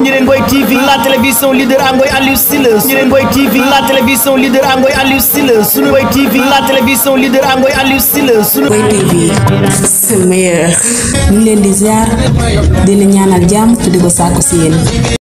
Ndiéné Ngoye TV la télévision leader a ngoy Aliou Sylla Ndiéné Ngoye TV la télévision leader a ngoy Aliou Sylla sunu Ngoye TV la télévision leader a ngoy Aliou Sylla sunu Ngoye TV meilleur leen di ziar di leen ñaanal jàmm te di ko sàkku si